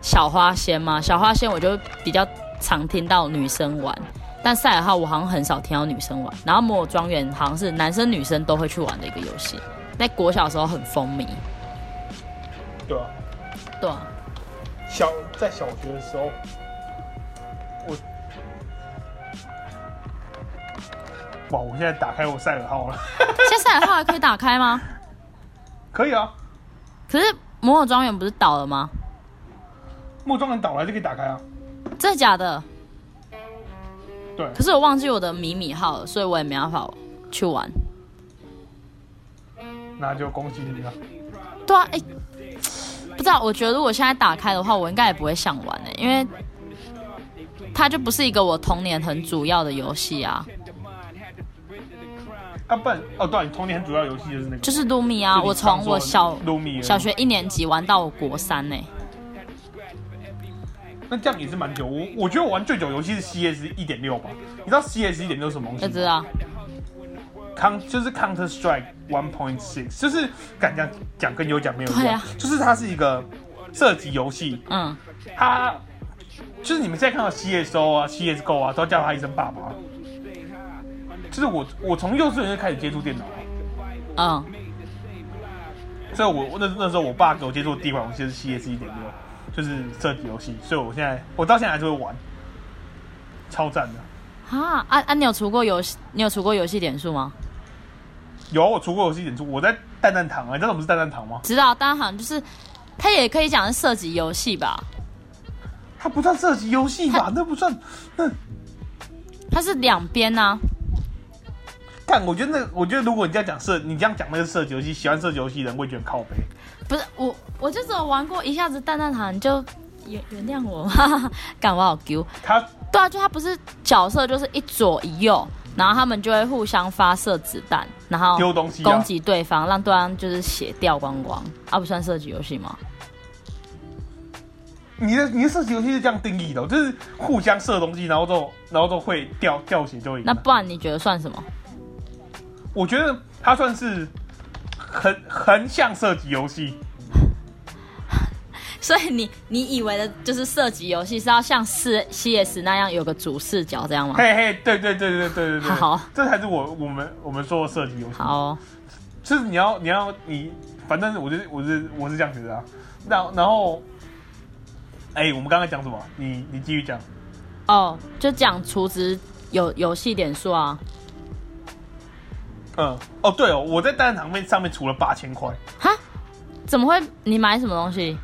Speaker 2: 小花仙嗎？小花仙我就比較常聽到女生玩，但賽爾號我好像很少聽到女生玩。然後摩爾莊園好像是男生女生都會去玩的一個遊戲。那國小時候很風靡，對啊，
Speaker 1: 對啊，小在小學的時候。哇！我現在打開我賽爾號
Speaker 2: 了。 現在賽爾號還可以打開嗎？
Speaker 1: 可以啊。
Speaker 2: 可是摩爾莊園不是倒了嗎？摩爾莊園倒了還是可以打開啊？真的假的？對。可是我忘記我的米米號了，所以我也沒辦法去玩。
Speaker 1: 那就恭喜你了、
Speaker 2: 啊。對啊，哎、欸，不知道。我覺得如果現在打開的話，我應該也不會想玩的、欸，因為它就不是一個我童年很主要的遊戲啊。
Speaker 1: 啊，不然哦對，童年主要遊戲就是那個，就是盧米啊，我從我小小學一
Speaker 2: 年級玩到我國三呢、欸。那
Speaker 1: 這樣也是蠻久，我我覺得我玩最久遊戲是 CS 一點六吧。你知道 CS 一點六是什麼東西？我知道。Con 就是 Counter Strike One Point Six，就是敢這樣講，跟有講沒有用，對啊，就是它是一個射擊遊戲。嗯。
Speaker 2: 它就
Speaker 1: 是你們現在看到 CSO 啊，CSGO 啊，都要叫他一聲爸爸。就是我，我從幼稚園就開始接觸電腦，嗯，所以我那那時候我爸給我接觸的第一款遊戲是 CS 一點六，就是射擊遊戲，所以我現在我到現在還是會玩，超讚的。
Speaker 2: 哈啊啊！你有除過遊戲？你有除過遊戲點數嗎？
Speaker 1: 有，我除過遊戲點數。我在蛋蛋堂啊，你、欸、知道什麼是蛋蛋堂嗎？
Speaker 2: 知道，蛋蛋堂就是它也可以講是射擊遊戲吧？它不算射擊遊戲吧？那不算，那，它是兩邊呢。
Speaker 1: 看，我覺得那個，我覺得如果你這樣講射，你這樣講那個射擊遊戲，喜歡射擊遊戲的人會覺得靠
Speaker 2: 北。不是我，我就只有玩過一下子彈彈堂，就原原諒我，幹我好 Q。他對啊，就他不是角色，就是一左一右，然後他們就會互相發射子彈，然後丟東西、啊、攻擊對方，讓對方就是血掉光光啊，不算射擊遊戲嗎？
Speaker 1: 你的你的射擊遊戲是這樣定義的，就是互相射東西，然後就然後就會掉掉血就贏。那
Speaker 2: 不然你覺得算什麼？
Speaker 1: 我覺得它算是橫橫向射擊遊戲，
Speaker 2: 所以你你以為的就是射擊遊戲是要像四 C S 那樣有個主視角這樣嗎？嘿嘿，
Speaker 1: 對對對對對對對，對，好、哦，這才是我我們我們說的射擊遊戲。好、哦，就是你要你要你，反正我是我是我是這樣覺得、啊。然然後，哎、欸，我們剛才講什麼、啊？你你繼續講。哦、
Speaker 2: oh,，就講儲值有遊戲點數啊。
Speaker 1: 嗯，哦對哦，我在蛋行面上面儲了八千塊。哈？
Speaker 2: 怎麼會？你買什麼東西？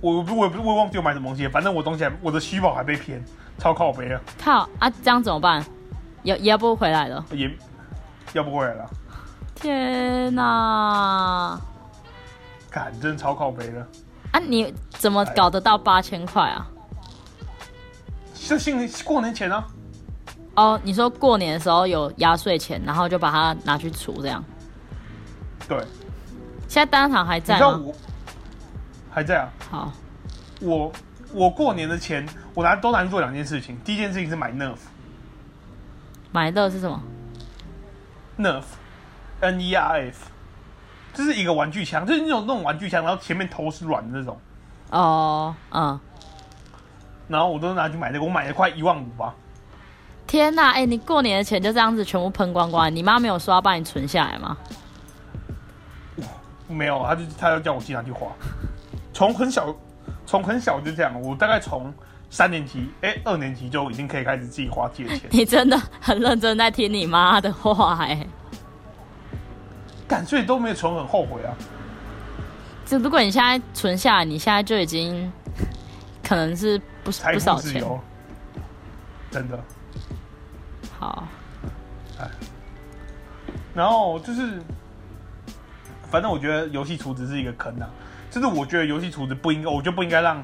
Speaker 1: 我我我不我忘記我買什麼東西，反正我東西還我的虛寶還被騙，超靠北了。
Speaker 2: 靠啊！這樣怎麼辦？也也要不回來了。
Speaker 1: 也，要不回來了。
Speaker 2: 天哪、啊！
Speaker 1: 幹真超靠北了。
Speaker 2: 啊？你怎麼搞得到八千塊啊？
Speaker 1: 就新年過年前呢、啊。
Speaker 2: 哦、oh,，你說過年的時候有壓歲錢，然後就把它拿去儲這樣。對。現在當場還在嗎？像我還在啊。好、oh.。我我過
Speaker 1: 年的錢，我拿都拿去做兩件事情。第一件事情是買 Nerf，買的是什麼？Nerf，N E R F，這是一個玩具槍，就是那種那種玩具槍，然後前面頭是軟的那種。哦，嗯。然後我都拿去買的、這個，我買了快一萬五吧。
Speaker 2: 天吶、啊，哎、欸，你過年的錢就這樣子全部噴光光，你媽沒有說要幫你存下來嗎？
Speaker 1: 哇，沒有，他就他要叫我自己去花，從很小，從很小就這樣，我大概從三年級，哎、欸，二年級就已經可以開始自己花借錢。你真的
Speaker 2: 很認真在聽你媽的話、欸，哎，
Speaker 1: 感覺都沒有存，很後悔啊。
Speaker 2: 只如果你現在存下來，你現在就已經可能是不自由不少
Speaker 1: 錢，真的。
Speaker 2: 好，
Speaker 1: 哎，然後就是，反正我覺得遊戲儲值是一個坑啊。就是我覺得遊戲儲值不應該，我就不應該讓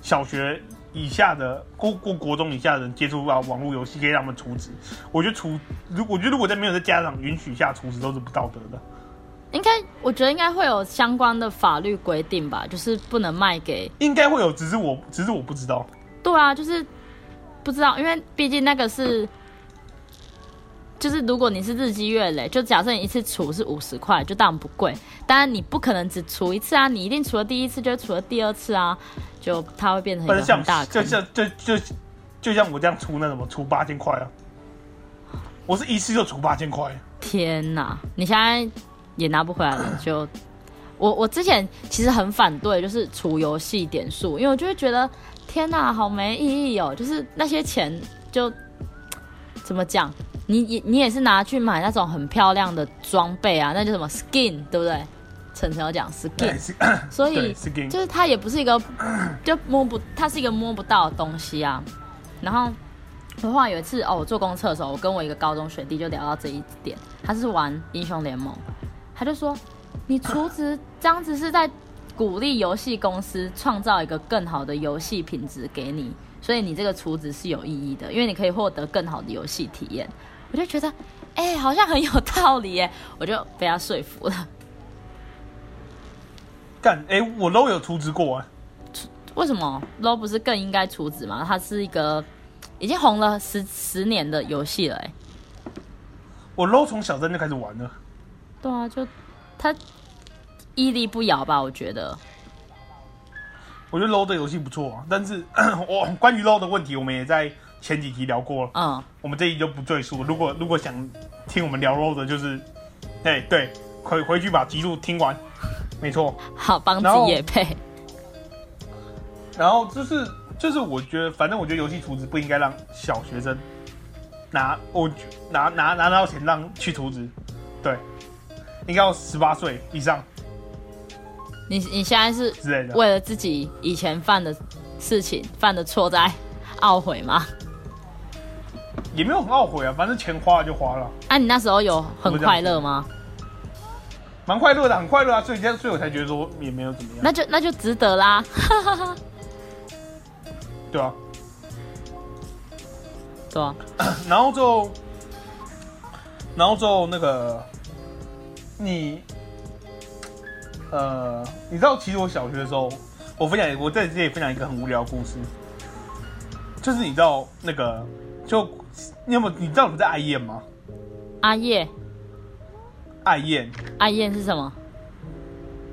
Speaker 1: 小學以下的，過過國中以下的人接觸到網絡遊戲，給他們儲值。我覺得儲，如果我覺得如果在沒有在家長允許下，儲值都是不道德的。
Speaker 2: 應該，我覺得應該會有相關的法律規定吧，就是不能賣給。
Speaker 1: 應該會有，只是我，只是我
Speaker 2: 不知道。對啊，就是。不知道，因為畢竟那個是，就是如果你是日積月累，就假設你一次儲是五十塊，就當然不貴。但是你不可能只儲一次啊，你一定儲了第一次，就儲了第二次啊，就它會變成一個很大的坑。就像就就就，
Speaker 1: 就像我這樣儲那什麼，儲八千塊啊，我是一次就儲八千塊。
Speaker 2: 天哪，你現在也拿不回來了。就 我我之前其實很反對，就是儲遊戲點數，因為我就會覺得。天吶、啊，好沒意義哦！就是那些錢就，怎麼講？你也你也是拿去買那種很漂亮的裝備啊，那叫什麼 skin，對不對？晨晨要講 skin，對，所以，對，skin. 就是它也不是一個，就摸不，它是一個摸不到的東西啊。然後何況有一次哦，我做公廁的時候，我跟我一個高中學弟就聊到這一點，他是玩英雄聯盟，他就說，你廚子這樣子是在。鼓勵遊戲公司創造一個更好的遊戲品質給你，所以你這個儲值是有意義的，因為你可以獲得更好的遊戲體驗。我就覺得，哎、欸，好像很有道理耶，我就被他說服了。
Speaker 1: 幹，哎、欸，我 LO 有儲值過啊？
Speaker 2: 為什麼 LO 不是更應該儲值嗎？它是一個已經紅了十十年的遊戲了，
Speaker 1: 哎。我 LO 從小三就開始玩了。
Speaker 2: 對啊，就他。屹立不搖吧，我覺得。
Speaker 1: 我覺得 low 的遊戲不錯，啊，但是我關於 low 的問題，我們也在前幾集聊過了。嗯。我們這一集就不贅述。如果如果想聽我們聊 low 的，就是，哎對，回回去把集數聽完。沒錯。
Speaker 2: 好幫自己也配。
Speaker 1: 然後就是就是我覺得，反正我覺得遊戲圖紙不應該讓小學生拿，我拿拿拿到錢讓去圖紙，對，應該要十八歲以上。
Speaker 2: 你你現在是為了自己以前犯的事情，犯的錯在懊悔嗎？
Speaker 1: 也沒有很懊悔啊，反正錢花了就花了
Speaker 2: 啊。啊，你那時候有很快樂嗎？
Speaker 1: 蠻快樂的，很快樂啊，所以這樣，所以我才覺得說也沒有怎麼樣。
Speaker 2: 那就那就值得啦，哈
Speaker 1: 哈哈。對啊，對啊。然後就，然後就那個你。呃，你知道，其實我小學的時候，我分享，我在這裡分享一個很無聊的故事，就是你知道那個，就你有沒有？你知道我們在愛宴嗎？
Speaker 2: 阿、啊、宴，
Speaker 1: 愛宴，
Speaker 2: 愛宴是什麼？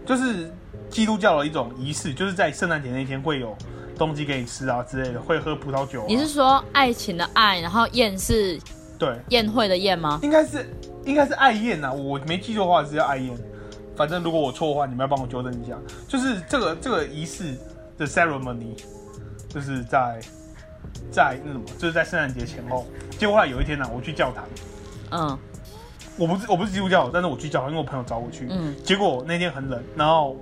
Speaker 1: 就是基督教的一種儀式，就是在聖誕節那天會有東西給你吃啊之類的，會喝葡萄酒、啊。你是
Speaker 2: 說愛情的愛，然後是宴是？對，宴會的宴嗎？應
Speaker 1: 該是，應該是愛宴吶、啊，我沒記錯的話是叫愛宴。反正如果我錯的話，你們要幫我糾正一下。就是這個這個儀式的 ceremony 就是在在那什麼，就是在聖誕節前後。結果後來有一天呢、啊，我去教堂，嗯，我不是我不是基督教，但是我去教堂，因為我朋友找我去。嗯，結果那天很冷，然後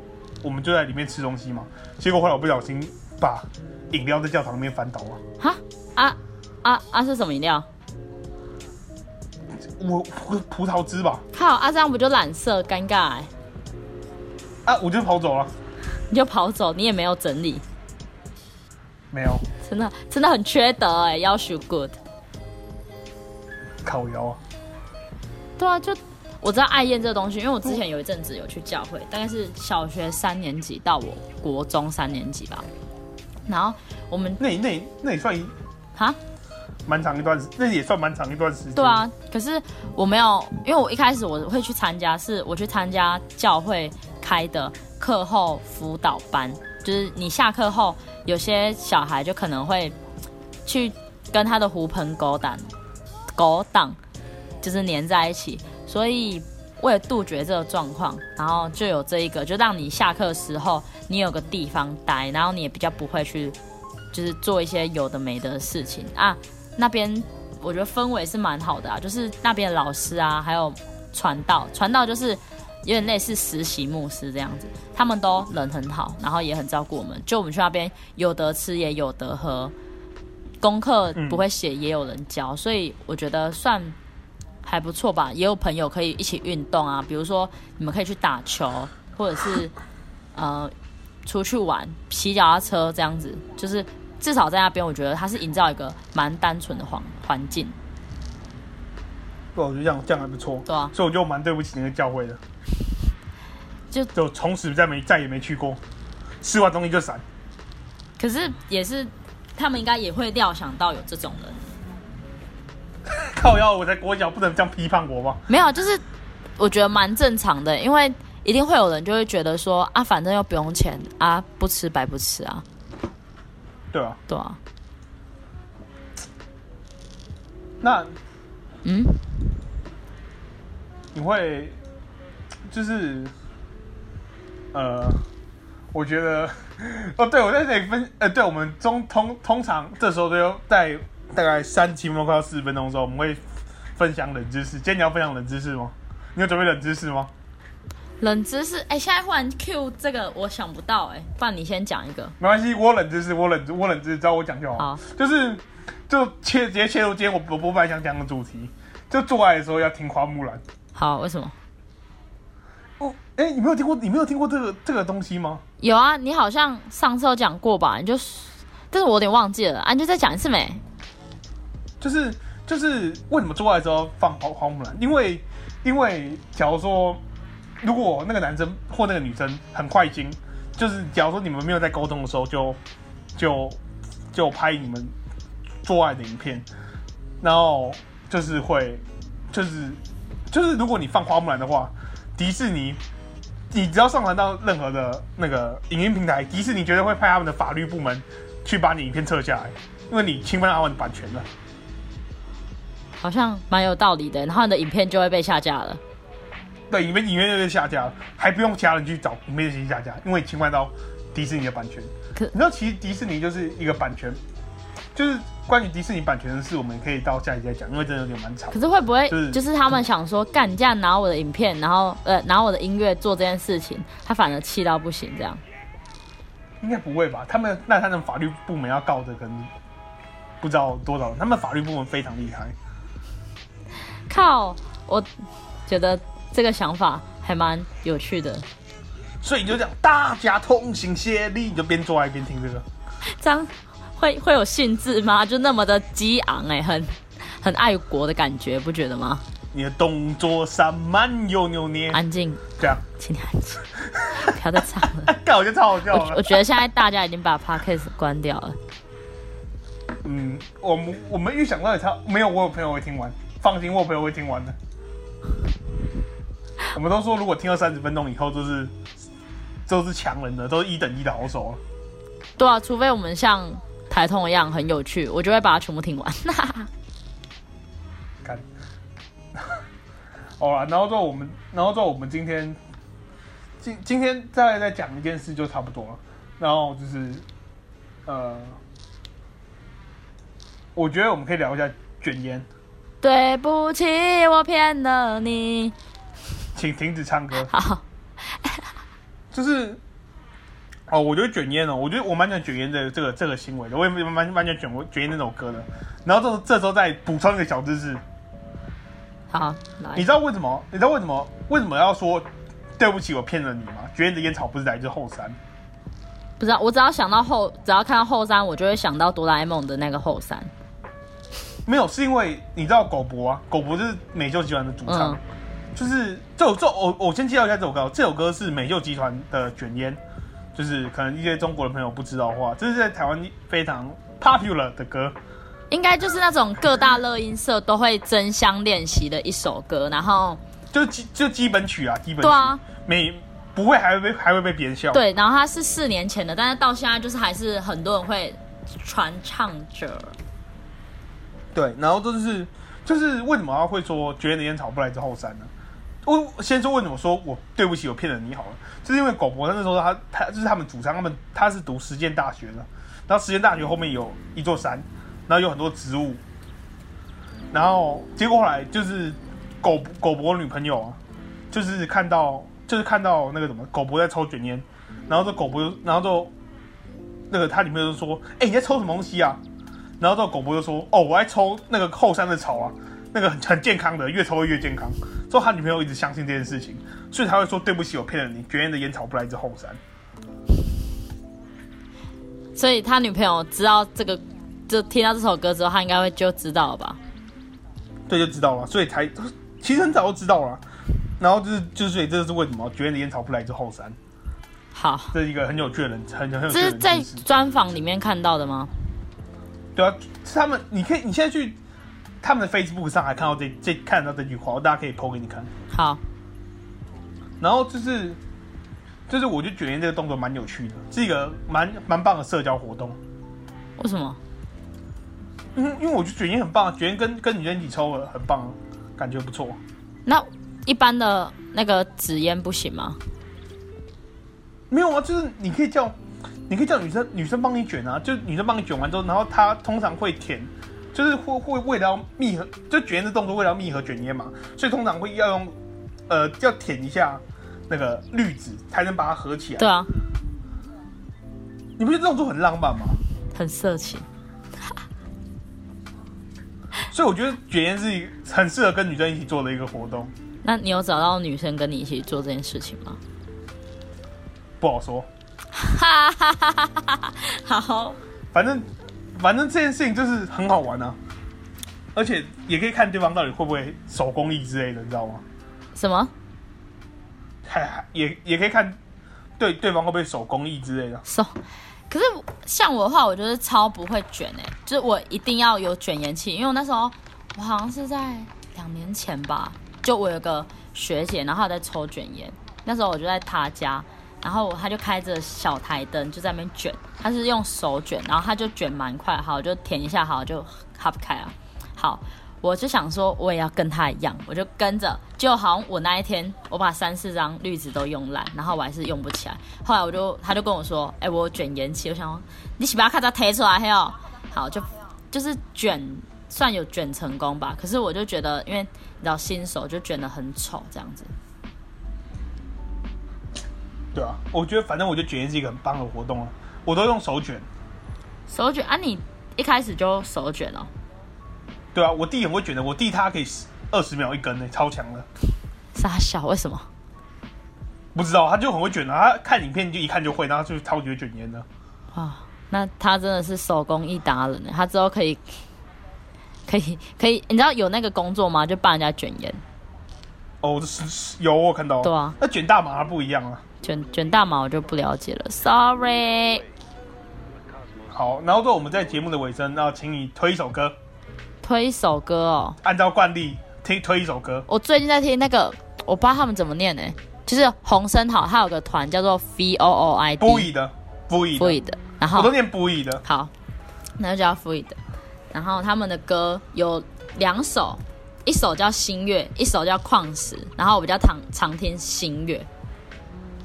Speaker 1: 我們就在裡面吃東西嘛。結果後來我不小心把飲料在教堂裡面翻倒了。
Speaker 2: 哈啊啊啊是什麼飲料？
Speaker 1: 我葡萄汁吧。
Speaker 2: 靠啊，這樣不就染色尷尬、欸啊！我就跑走了， 你就跑走，你也沒有整理，
Speaker 1: 沒有，
Speaker 2: 真的真的很缺德哎、欸！要求、so、good，靠腰啊？對啊，就我知道愛宴這個東西，因為我之前有一陣子有去教會、嗯，大概是小學三年級到我國中三年級吧。然後
Speaker 1: 我們那那一一那也算一哈，蠻長一段時，那也算蠻長一段時間。對啊，
Speaker 2: 可是我沒有，因為我一開始我會去參加，是我去參加教會。開的課後輔導班，就是你下課後，有些小孩就可能會去跟他的狐朋狗黨、狗黨就是黏在一起。所以為了杜絕這個狀況，然後就有這一個，就讓你下課的時候你有個地方待，然後你也比較不會去，就是做一些有的沒的事情啊。那邊我覺得氛圍是蠻好的啊，就是那邊的老師啊，還有傳道，傳道就是。有點類似實習牧師這樣子，他們都人很好，然後也很照顧我們。就我們去那邊有得吃也有得喝，功課不會寫也有人教，嗯，所以我覺得算還不錯吧。也有朋友可以一起運動啊，比如說你們可以去打球，或者是 呃出去玩騎腳踏車這樣子。就是至少在那邊，我覺得他是營造一個蠻單純的環環境。對，我覺得
Speaker 1: 這樣這樣還不錯。對啊，所以我就蠻對不起那個教會的。就就從此再沒再也沒去過，吃完東西就閃。
Speaker 2: 可是也是，他們應該也會料想到有這種人。 靠腰，我在裹腳，不能這樣批判我嗎？沒有，就是我覺得蠻正常的，因為一定會有人就會覺得說啊，反正又不用錢啊，不吃白不吃啊。
Speaker 1: 對啊，
Speaker 2: 對啊。那，嗯，你
Speaker 1: 會就是。呃，我覺得，哦，對，我在這裡分，呃，對，我們中通通常這時候都有在大概三七分鐘快到四分鐘4分的時候，我們會分享冷知識。今天你要分享冷知識嗎？你有準備冷知識嗎？
Speaker 2: 冷知識，哎、欸，現在忽然 Q 這個，我想不到、欸，哎，不然你先講一個，
Speaker 1: 沒關係，我冷知識，我冷知，我冷知識，只要我講就好。哦、就是就切直接切入，今天我我我本來想講的主題，就做愛的時候要聽花木蘭。好，為什麼？哎、欸，你沒有聽過，你沒有聽過這個這個東西嗎？
Speaker 2: 有啊，你好像上次有講過吧？你就，但是我有點忘記了啊，你就再講一次沒？
Speaker 1: 就是就是為什麼做愛的時候放花花木蘭？因為因為假如說如果那個男生或那個女生很快經，就是假如說你們沒有在溝通的時候就就就拍你們做愛的影片，然後就是會就是就是如果你放花木蘭的話，迪士尼。你只要上傳到任何的那個影音平台，迪士尼絕對會派他們的法律部門去把你影片撤下來，因為你侵犯了他們的版權
Speaker 2: 了。好像蠻有道理的。然後你的影片就會被下架了，
Speaker 1: 對，你們影院就會下架了，還不用其他人去找公司下架，因為侵犯到迪士尼的版權。可你知道，其實迪士尼就是一個版權。就是關於迪士尼版權的事，我們可以到下一集再講，因為真的有點蠻長。可是會不會就是他
Speaker 2: 們想說幹架、嗯、拿我的影片，然後呃拿我的音樂做這件事情，他反而氣到不行這樣？
Speaker 1: 應該不會吧？他們那他們法律部門要告的可能不知道多少，他們法律部門非常厲害。
Speaker 2: 靠，我覺得這個想法還蠻有趣的。
Speaker 1: 所以你就這樣，大家同心協力，你就邊做愛邊聽這個。
Speaker 2: 張。會會有興致嗎？就那麼的激昂哎、欸，很很愛國的感覺，不覺得嗎？你的動作散漫，悠悠捏，安靜這樣，請你安
Speaker 1: 靜，
Speaker 2: 不要再唱了。我覺得超好笑我。我覺得現在大家已經把 podcast 關掉了。
Speaker 1: 嗯，我們我們沒預想到也差沒有我有朋友會聽完，放心，我有朋友會聽完的。 我們都說，如果聽到三十分鐘以後、就是，就是就是強人的，都是一等一的好手了。
Speaker 2: 對啊，除非我們像。台通一樣很有趣，我就會把它全部聽完啊。
Speaker 1: 幹， 好了，然後之後我們，然後之後我們今天，今今天再來，再講一件事就差不多了。然後就是，呃，我覺得我們可以聊一下捲菸。
Speaker 2: 對不起，我騙了你。
Speaker 1: 請停止唱歌。好，
Speaker 2: 好，
Speaker 1: 就是。哦，我覺得卷煙哦，我覺得我蠻想卷煙的這個這個行為的。我也蠻蠻蠻卷煙卷煙那首歌的。然後這，這時候這再補充一個小知識。好，來，你知道為什麼？你知道為什麼為什麼要說對不起？我騙了你嗎？卷煙的煙草不是來自、就是、後山。
Speaker 2: 不知道，我只要想到後，只要看到後山，我就會想到哆啦 A 夢的那個後山。
Speaker 1: 沒有，是因為你知道狗伯啊？狗伯是美秀集團的主唱。嗯、就是這這我我先介紹一下這首歌。這首歌是美秀集團的卷煙。就是可能一些中國的朋友不知道的話，這是在台灣非常 popular 的歌，
Speaker 2: 應該就是那種各大樂音社都會爭相練習的一首歌，然後
Speaker 1: 就基就基本曲啊，基本曲對啊，沒不會還會，還會被還會被別人笑，對，
Speaker 2: 然後它是四年前的，但是到現在就是還是很多人會傳唱着，
Speaker 1: 對，然後就是就是為什麼他會說“絕頂煙草不來自後山”呢？我先說為什麼說我對不起，我騙了你好了，就是因為狗博那時候他他就是他們主張他們他是讀實踐大學的，然後實踐大學後面有一座山，然後有很多植物，然後結果後來就是狗狗博女朋友啊，就是看到就是看到那個什麼狗博在抽卷煙，然後這狗博然後就那個他女朋友就說，欸，你在抽什麼東西啊？然後這狗博就說，哦我在抽那個後山的草啊，那個很很健康的，越抽越健康。說他女朋友一直相信這件事情，所以他會說對不起，我騙了你。絕緣的煙草不來自後山。
Speaker 2: 所以他女朋友知道這個，就聽到這首歌之後，他應該會就知道了吧？
Speaker 1: 對，就知道了。所以才其實很早就知道了，啊。然後就是就是所以，這是為什麼絕緣的煙草不來自後山？好，這是一個很有趣的人，很，很有趣的的，這是
Speaker 2: 在專訪裡面看到的嗎？
Speaker 1: 對啊，是他們。你可以你現在去。他們的 Facebook 上還看到這這看到這句話，大家可以 po 給你看。好。然後就是就是我就覺得捲菸這個動作蠻有趣的，是一個蠻蠻棒的社交活動。為什麼？嗯，因為我覺得捲菸很棒，捲菸跟跟女生一起抽了很棒，感覺不錯。
Speaker 2: 那一般的那個紙菸不行嗎？
Speaker 1: 沒有啊，就是你可以叫你可以叫女生女生幫你卷啊，就女生幫你卷完之後，然後她通常會舔。就是會會為了要密合，就卷煙的動作為了要密合卷煙嘛，所以通常會要用，呃，要舔一下那個濾紙才能把它合起來。對啊，
Speaker 2: 你不覺
Speaker 1: 得這種動作很浪漫嗎？很色情，所以我覺得卷煙是一個很適合跟女生一起做的一個活動。
Speaker 2: 那你有找到女生跟你一起做這件事情嗎？
Speaker 1: 不好說。
Speaker 2: 好，
Speaker 1: 反正。反正這件事情就是很好玩啊，而且也可以看對方到底會不會手工藝之類的，你知道嗎？什麼？哎、也也可以看對對方會不會手工藝之類的。手、so,，
Speaker 2: 可是像我的話，我就是超不會卷哎、欸，就是我一定要有卷菸器，因為我那時候我好像是在兩年前吧，就我有個學姐，然後她在抽卷菸，那時候我就在她家。然後他就開着小台燈就在那邊卷，他是用手卷，然後他就卷蠻快，好就舔一下好，好就開不開啊。好，我就想說我也要跟他一樣，我就跟着，就好像我那一天我把三四張濾紙都用爛，然後我還是用不起來。後來我就他就跟我說，哎、欸，我卷延期，我想說你喜不喜歡看他貼出來，還有好就就是卷算有卷成功吧。可是我就覺得，因為你知道新手就卷得很醜這樣子。
Speaker 1: 對啊，我覺得反正我覺得捲煙是一個很棒的活動啊！我都用手捲，
Speaker 2: 手捲啊！你一開始就手捲了，
Speaker 1: 哦？對啊，我弟也會捲的，我弟他可以二十秒一根呢，欸，超強了。
Speaker 2: 傻小，為什麼？
Speaker 1: 不知道，他就很會捲啊！他看影片就一看就會，然後就超級會捲煙的。
Speaker 2: 啊，那他真的是手工藝達人呢！他之後可以，可以，可以，你知道有那個工作嗎？就幫人家捲煙。哦，這是有我看到。對啊，那
Speaker 1: 捲大麻不一樣啊。
Speaker 2: 捲捲大毛我就不了解了，sorry。
Speaker 1: 好，然後到我們在節目的尾聲，那請你推一首歌。
Speaker 2: 推一首歌哦，
Speaker 1: 按照慣例聽推，推一首歌。
Speaker 2: 我最近在聽那個，我不知道他們怎麼念呢、欸，就是洪申豪，他有個團叫做 V O O I D。不儀的，不儀的、的，然後我都念不儀的。好，那就叫不儀的。然後他們的歌有兩首，一首叫《新月》，一首叫《礦石》，然後我比較常常聽《新月》。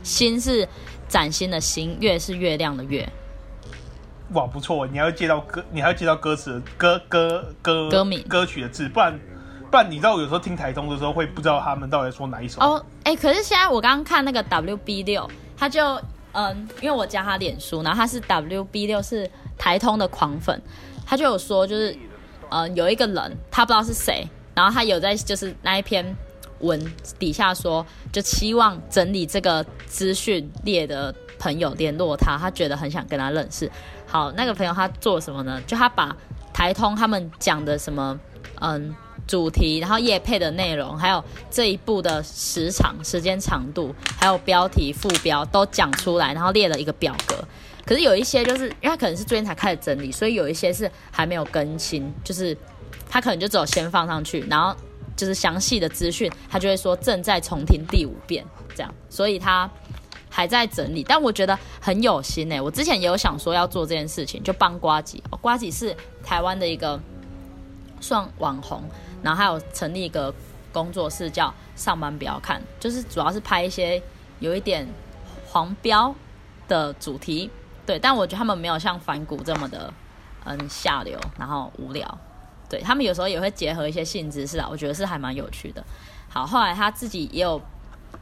Speaker 2: 心是嶄新的心，月是月亮的月。
Speaker 1: 哇，不錯，你還要借到歌，你還要借到歌詞歌歌歌歌名歌曲的字，不然不然，你知道我有時候聽台通的時候會不知道他們到底說哪一首哦哎、
Speaker 2: oh, 欸，可是現在我剛剛看那個 W B 六，他就嗯，因為我加他臉書，然後他是 W B 六是台通的狂粉，他就有說就是嗯，有一個人他不知道是誰，然後他有在就是那一篇。文底下說，就期望整理這個資訊列的朋友聯絡他，他覺得很想跟他認識。好，那個朋友他做什麼呢？就他把台通他們講的什麼嗯主題，然後業配的內容，還有這一部的時長、時間長度，還有標題、副標都講出來，然後列了一個表格。可是有一些就是，因為他可能是最近才開始整理，所以有一些是還沒有更新，就是他可能就只有先放上去，然後。就是詳細的資訊，他就會說正在重聽第五遍，這樣，所以他還在整理。但我覺得很有心誒、欸，我之前也有想說要做這件事情，就幫呱吉哦。呱吉是台灣的一個算網紅，然後還有成立一個工作室叫上班不要看，就是主要是拍一些有一點黃標的主題。對，但我覺得他們沒有像反骨這麼的嗯下流、然後無聊。對，他們有時候也會結合一些性知識啊，我覺得是還蠻有趣的。好，後來他自己也有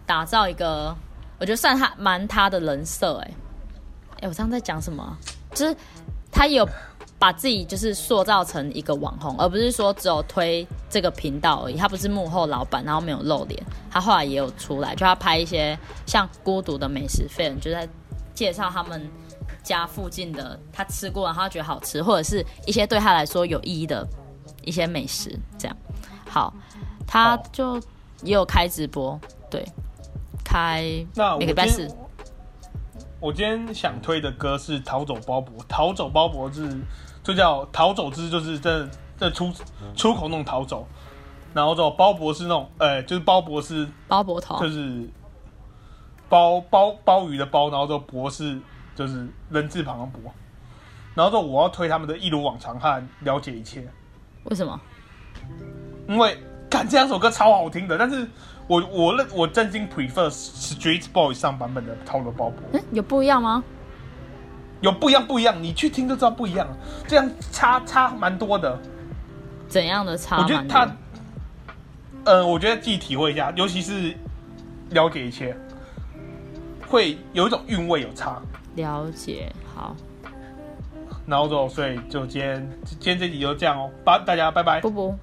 Speaker 2: 打造一個，我覺得算他蠻他的人設哎哎，我這樣在講什麼？就是他有把自己就是塑造成一個網紅，而不是說只有推這個頻道而已。他不是幕後老板，然後沒有露臉。他後來也有出來，就他拍一些像孤獨的美食費，就在介紹他們家附近的他吃過，然後他覺得好吃，或者是一些對他來說有意義的。一些美食這樣，好，他就也有開直播，哦、對，開。那我今天，
Speaker 1: 我今天想推的歌是逃走《逃走鮑伯》，《逃走鮑伯》是就叫《逃走之》，就是這這出出口那種逃走，然後就鮑伯是那種，哎、欸，就是鮑伯是
Speaker 2: 鮑伯頭，就是
Speaker 1: 鮑鮑鮑魚的鮑，然後就伯是就是人字旁的伯，然後就我要推他們的一如往常和了解一切。為什麼？因為看這兩首歌超好聽的，但是我我認我真心 prefer Street Boy 上版本的《t a l b u l Bob》欸。
Speaker 2: 有不一樣嗎？
Speaker 1: 有不一樣，不一樣。你去聽就知道不一樣，這樣
Speaker 2: 差差蠻多的。怎樣的差？我覺得他
Speaker 1: 呃，我覺得自己體會一下，尤其是了解一些，會有一種韻味有差。
Speaker 2: 了解，好。
Speaker 1: 然後就，所以就今天，今天這集就這樣哦，拜，大家，拜拜，不不。